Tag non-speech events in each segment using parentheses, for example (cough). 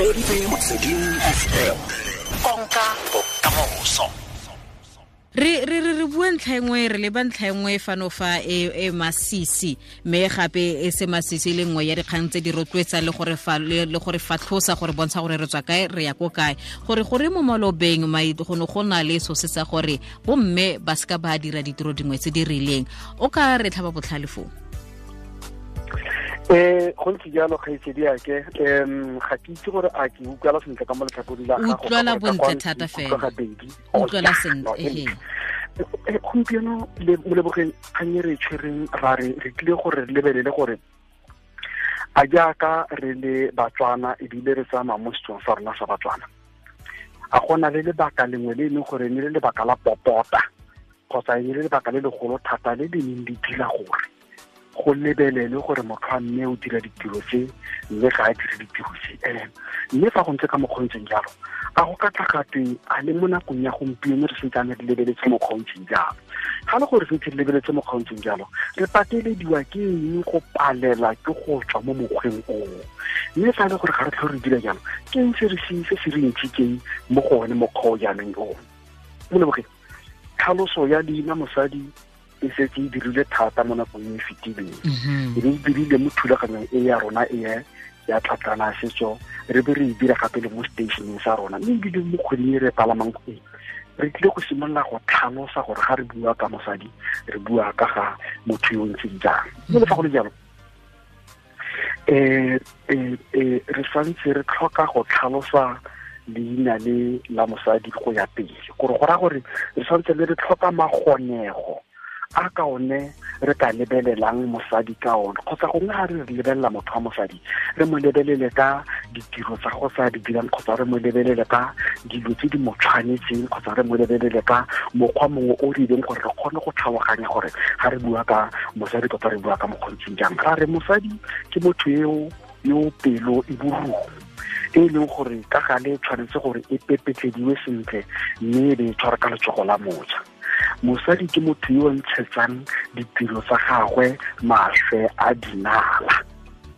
motsweding fm konka bokamoso re re re re bua ntlhengwe re leba ntlhengwe fano fa e e masisi me gape e se masisi le nngwe ya dikgang tse di rotloetsa le gore fatlhosa gore bontsha gore re tswa kae re ya ko kae gore gore mo malobeng maigone go na le so se gore bomme ba seka ba dira ditiro dingwe tse di rileng o ka re tlhaba botlhalefong eh go ntse jalo kgaitsedi ake um ga ke itse gore a ke utlwala sentle ka mo letlhakodi la gago utlwala bontle thata fela utlwala oh, sentle eh, eh, gompieno mo lebogeng kgannye re tshwereng ra re re tlile gore re lebelele gore a jaaka re le batswana ebile re tsamaya mo setsong sa rona sa batswana a gona le lebaka lengwe le e gore e ne le lebaka la popota kgotsa e le lebaka le legolo thata le le ding le dira gore go lebelele gore motho a mme o dira ditiro tse mme ga a dire ditiro tse eh, mme fa go ntse ka mokgontseng jalo a go ka tlhagatwe a le mo nakong ya gompieno re sentsane re lebeletse mo jalo ga le gore sentse re lebeletse mo jalo re patelediwa ke eng go palela ke go tswa mo mokgweng oo mme fa e le gore ga re tlhore re dira jalo ke eng se re se se re ntshitseng mo go one mokgwa o jaanong oo mo lebogeng tlhaloso ya leina mosadi e setse e dirile thata mo nakong e, e fetileng mm-hmm. e re e dirile mo thulaganyong e ya rona e ya tlhatlhana setso re be re e dira gape le mo stationeng sa rona mme ebile mo kgweding e re e palamang go re tlile go simolola go tlhalosa gore ga re bua ka mosadi re bua ka ga motho yo ntseng jang mme le fa go le jalo eh, eh, eh re santse re tlhoka go tlhalosa leina le la mosadi go ya pele gore go raya gore re santse le re tlhoka magonego a ka one re ka lebelelang mosadi ka one kgotsa gongwe ga re re lebelela motho wa mosadi re mo lebelele ka ditiro tsa go sa di dirang kgotsa re mo lebelele ka dilo tse di mo tshwanetseng kgotsa re mo lebelele ka mokgwa mongwe o rileng gore re kgone go tlhaloganya gore ga re bua ka mosadi tota re bua ka mokgontsing jang ra re mosadi ke motho eo yo pelo e borugo e leng gore ka gale tshwanetse gore e pepetlediwe sentle mme e be e tshwara ka letsogo la moja mosadi ke motho yo ntshetsang ditiro tsa gagwe maswe a dinala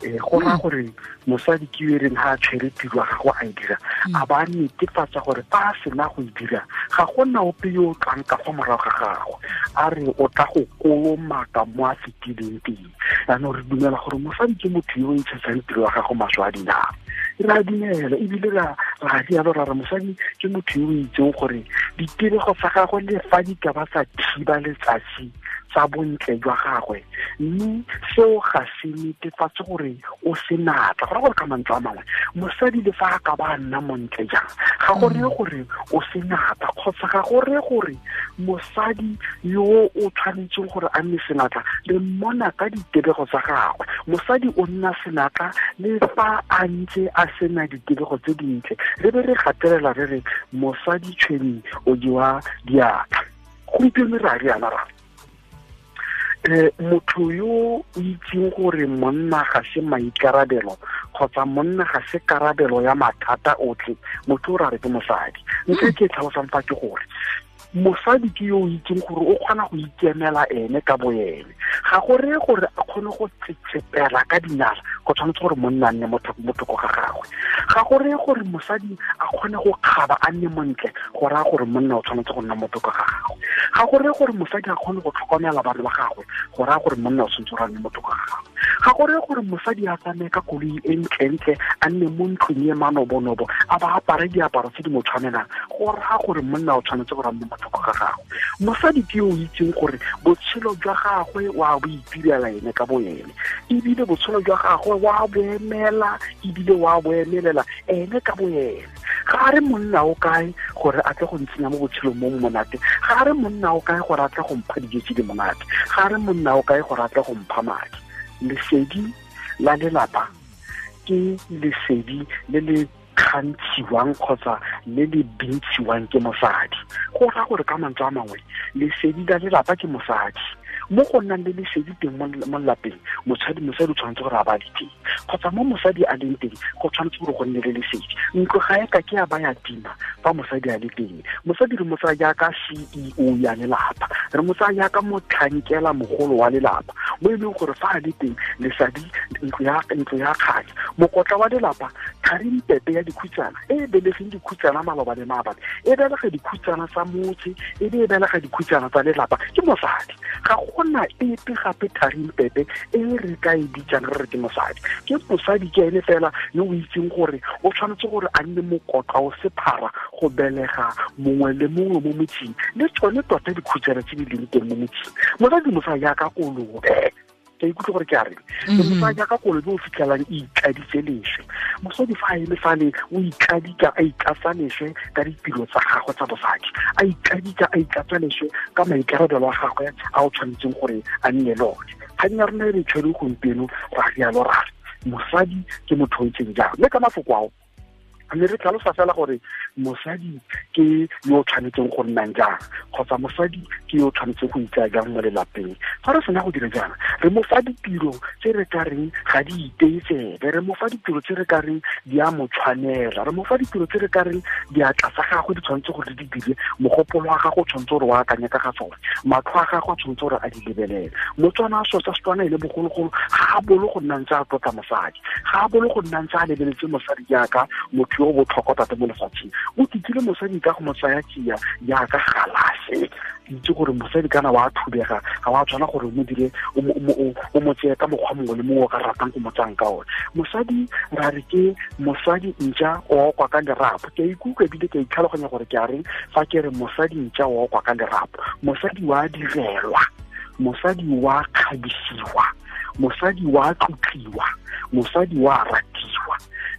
e go raya mm. gore mosadi ke yo e reng ga a tshwere tiro ga go a e dira mm. a ba netefatsa gore fa a sena go e dira ga gona ope yo o tlang ka fa morago ga gagwe a re o tla go kolomaka mo a fetileng teng jaanong re dumela gore mosadi ke motho yo o ntshetsang tiro ya gago maswe a dinala re a dumela ebile ra ra dialo ra ra mosadi ke motho yo o itseng gore ditebego fa gagwe le fa di ka ba sa thiba letsatsi tsa bontle jwa gagwe mme seo ga se netefatse gore o se natla gora gore ka mantswe a mangwe mosadi le fa a ka ba nna montle jang ga gore gore o se natla kgotsa ga gore gore mosadi yo o tshwanetseng gore a nne senatla re mmona ka ditebego tsa gagwe mosadi o nna senatla le fa a ntse a sena ditebego tse dintle re be re gatelela re re mosadi tshweni o jewa diatla gompieno re a riana eh motho yo itseng gore monna ga se maikarabelo kgotsa monna ga se karabelo ya mathata otlhe motho o ra re ke mosadi ntle ke e tlhalosang fa ke gore mosadi ke yo o itseng gore o kgona go ikemela ene ka bo ene ga gore gore a kgone go tsetsepela ka dinala go tshwanetse gore monna a nne mothoko ga gagwe ga gore gore mosadi a kgone go kgaba a nne montle go raya gore monna o tshwanetse go nna mothoko ga gagwe ga gore gore mosadi a kgone go tlhokomela bana ba gagwe go raya gore monna o tshwanetse gore a nne motho ka gagwe ga gore gore mosadi a tsamaye ka koloi e ntlentle a nne mo ntlong e manobonobo a ba apare diaparo tse di mo tshwanelang go raya gore monna o tshwanetse gore a nne motho ka gagwe mosadi ke o itseng gore botshelo jwa gagwe wa bo itirela ene ka bo ene ebile botshelo jwa gagwe wa boemela ebile wa boemelela ene ka bo ene ga re monna o kae gore a tle go ntsenya mo botshelong mo monate ga re monna o kae gore a tle go mpha dijo tse di monate ga re monna o kae gore a tle go mpha madi lesedi la lelapa ke lesedi le le gantshiwang kgotsa le le bintshiwang ke mosadi go raya gore ka mantswe a mangwe lesedi la lelapa ke mosadi mo go nnang le lesedi teng mo lelapeng mosadi mosadi o tshwanetse gore a ba le teng kgotsa mo mosadi a leng teng go tshwanetse gore go nne le lesedi ntlo ga e ka ke a baya tima fa mosadi a le teng mosadi re motsaya jaaka e o ya lelapa re motsaya jaaka motlhankela mogolo wa lelapa mo e leng gore fa a le teng lesadi ntlo ya kganya mokotla wa lelapa kgareng pepe ya dikhutsana e e belegeng dikhutsana maloba le maabane e belega dikhutsana tsa motse e be e belega dikhutsana tsa lelapa ke mosadi ga gona epe gape tharing pepe e re ka e bitsang re re ke mosadi ke mosadi ke ene fela yo o itseng gore o tshwanetse gore a nne mokotla o sephara go belega mongwe le mongwe mo metsing le tsone tota dikhutsana tse di leng teng mo metsing mosadi mosadi yaka kolobe ke ikutlwe gore ke a reng mm-hmm. mosadi yaka kolobe o fitlhelang e ikaditse leswe mosadi fa a e o ikadika a ikatsaneše ka ditiro tsa gagwe tsa bosadi a ikadika a ikatsaneše ka maikarabelo a gagwe a o tshwanetseng gore a nne le one kgang ya rona e re tshwere gompieno ra rialo ra mosadi ke motho o itseng jang le ka mafoko ao mme re tlhalosa fela gore mosadi ke yo o tshwanetseng go nnang jang kgotsa mosadi ke yo o tshwanetseng go itsaya jang mo lelapeng fa re sena go dira jang re mofa ditiro tse re ka reng ga di iteetsebe re mofa ditiro tse re ka reng di a mo tshwanela re mofa ditiro tse re ka reng di a tlasa gagwe di tshwanetse gore di dire mogopolo wa gago o tshwanetse gore o akanye ka ga tsone matlho a gago a tshwanetse gore a di lebelele motswana a sotsa setswana e le bogologolo ga a bolo go nna ntse a tlotla mosadi ga a bolo go nna ntse a lebeletse mosadi jaaka motho motho yo botlhokwa tate mo lefatsheng o titile mosadi ka go motsaya tsia jaaka galase itse gore mosadi kana wa thubega ga wa tshwana gore mo dire o motseye ka mokgwa mongwe le mongwe o ka ratang go motsang ka one mosadi ra re ke mosadi ntja o okwa ka lerapo ke a ikutlwa ebile ke a itlhaloganya gore ke a reng fa ke re mosadi ntja o okwa ka lerapo mosadi wa direlwa mosadi wa kgabisiwa mosadi wa tlotliwa mosadi wa ratiwa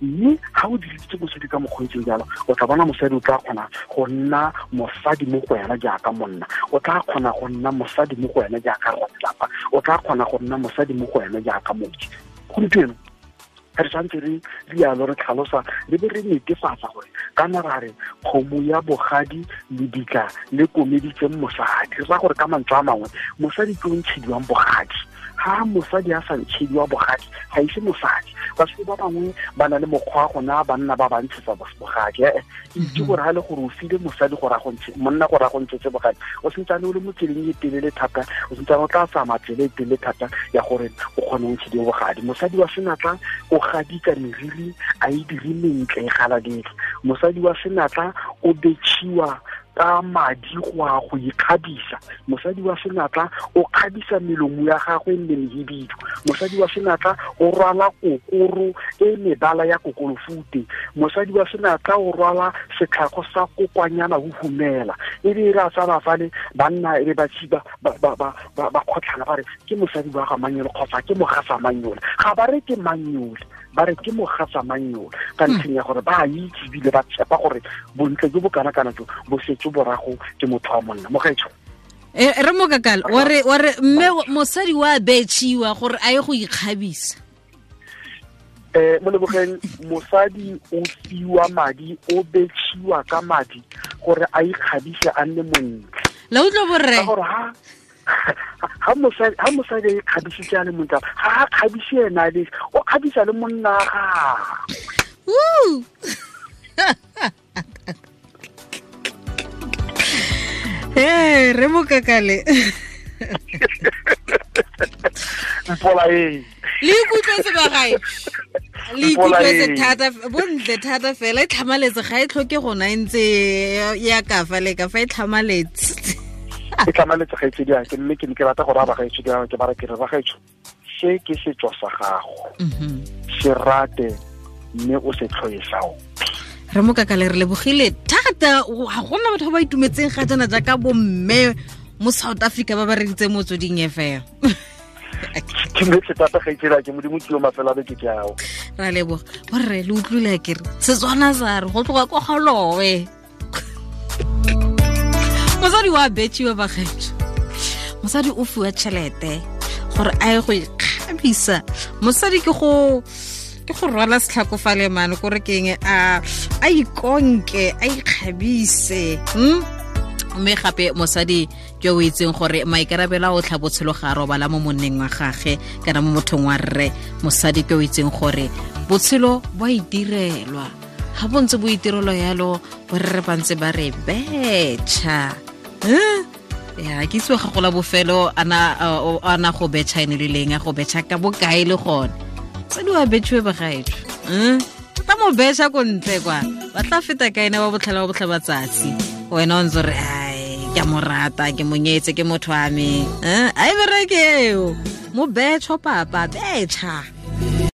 mme ga o dirititse mosadi ka mokgontseng jalo o tla bona mosadi o tla kgona go nna mosadi mo go wena jaaka monna o tla kgona go nna mosadi mo go wena jaaka rralapa o tla kgona go nna mosadi mo go wena jaaka moki gompieno re tshwanetse re rialo re tlhalosa re be re netefatsa gore kana ra re kgomo ya bogadi le le komeditseng mosadi re ra gore ka mantswe a mangwe mosadi ke o ntshediwang bogadi ha mosadi a sa ntšhedi wa bogadi ga ise e mosadi basadi ba bangwe ba na le mokgwa gona banna ba ba ntshetsa bogadi e, e mhm. itse gore ha e le gore o file mosadi gore monna gore a go ntshetse bogadi o sentsane o le motseleng tseleng e telele thata o sentsane o tla sa matsele e telele thata ya gore o kgone o ntshedi bogadi mosadi wa senatla o gadika meriri a e dire mentle e galaletsa mosadi wa senatla o betšhiwa ka madi go a go ikgabisa mosadi wa senatla o kgabisa melomo ya gagwe e mehibidu mosadi wa senatla o rwala kokoro e mebala ya kokolofute mosadi wa senatla o rwala setlhako sa kokwanyana go humela e be e ra tsa bafale banna e be ba ba kgotlhana ba re ke mosadi wa ga kgotsa ke mogasa manyole ga ba re ke manyole ba re ke mogatsamanyola ka hmm. ntlheng ya gore ba itse ebile ba tshepa gore bontle jo bo kana-kana jo bo setse borago ke motho wa monna mo gaetsho eh, re mo kakala ware ware mme mosadi wa betsiwa gore a ye go ikgabisa eh mo lebogeng mosadi o fiwa madi o betsiwa ka madi gore a ikgabise a nne montle la utlwa borre ha mosadi e kgabisitse a le monta ga a kgabise ena le o kgabisa le monna gago (laughs) ee re mokakale mpola e le ikutlwe sebagae le ikutlwetse e. thata bontle thata fela e tlhamaletse ga e tlhoke gona e ntse ya ka fa le ka fa e tlhamaletse (laughs) e tlamaletse gaetsedi ake mme ke ne ke rata gore a ba gaetsedi ake ke bara ke re ragaetso se ke setso sa gago mhm. se rate mme o se tlhoe sao re mo kakale re lebogile thata ga gona batho ba ba itumetseng ga jana jaaka bomme mo south africa ba ba reditse mo tsoding e fm tumetse (laughs) tata ga itsela ke modimo tlo mafela be ke ke ao ra leboga borre le utlwile akere setswana sa re go tloga ko galowe mosadi wa betsiwa bagetso mosadi o fiwa tšhelete gore a ye go ikgabisa mosadi ke go ke go rwala setlhakofale mane kore keng a a ikonke a ikgabise hmm? mme gape mosadi jo o itseng gore maikarabelo a o tlha botshelo ga a robala mo monneng wa gage kana mo mothong wa rre mosadi ke o itseng gore botshelo bo a itirelwa ga bontse bo itirelo yalo borre ba ntse ba re betšha ya ke itse ga gola bofelo a na go betšha ene le leng a go betšha ka bokae le gone tse di wa betšhiwe bagaetho ta mo betšha ko ntle kwa ba tla feta ka ene wa botlhela wa botlhaba tsatsi wena o ntse re ai ke mo rata ke mo nyetse ke motho a me a e bereke eo mo betšho papa betšha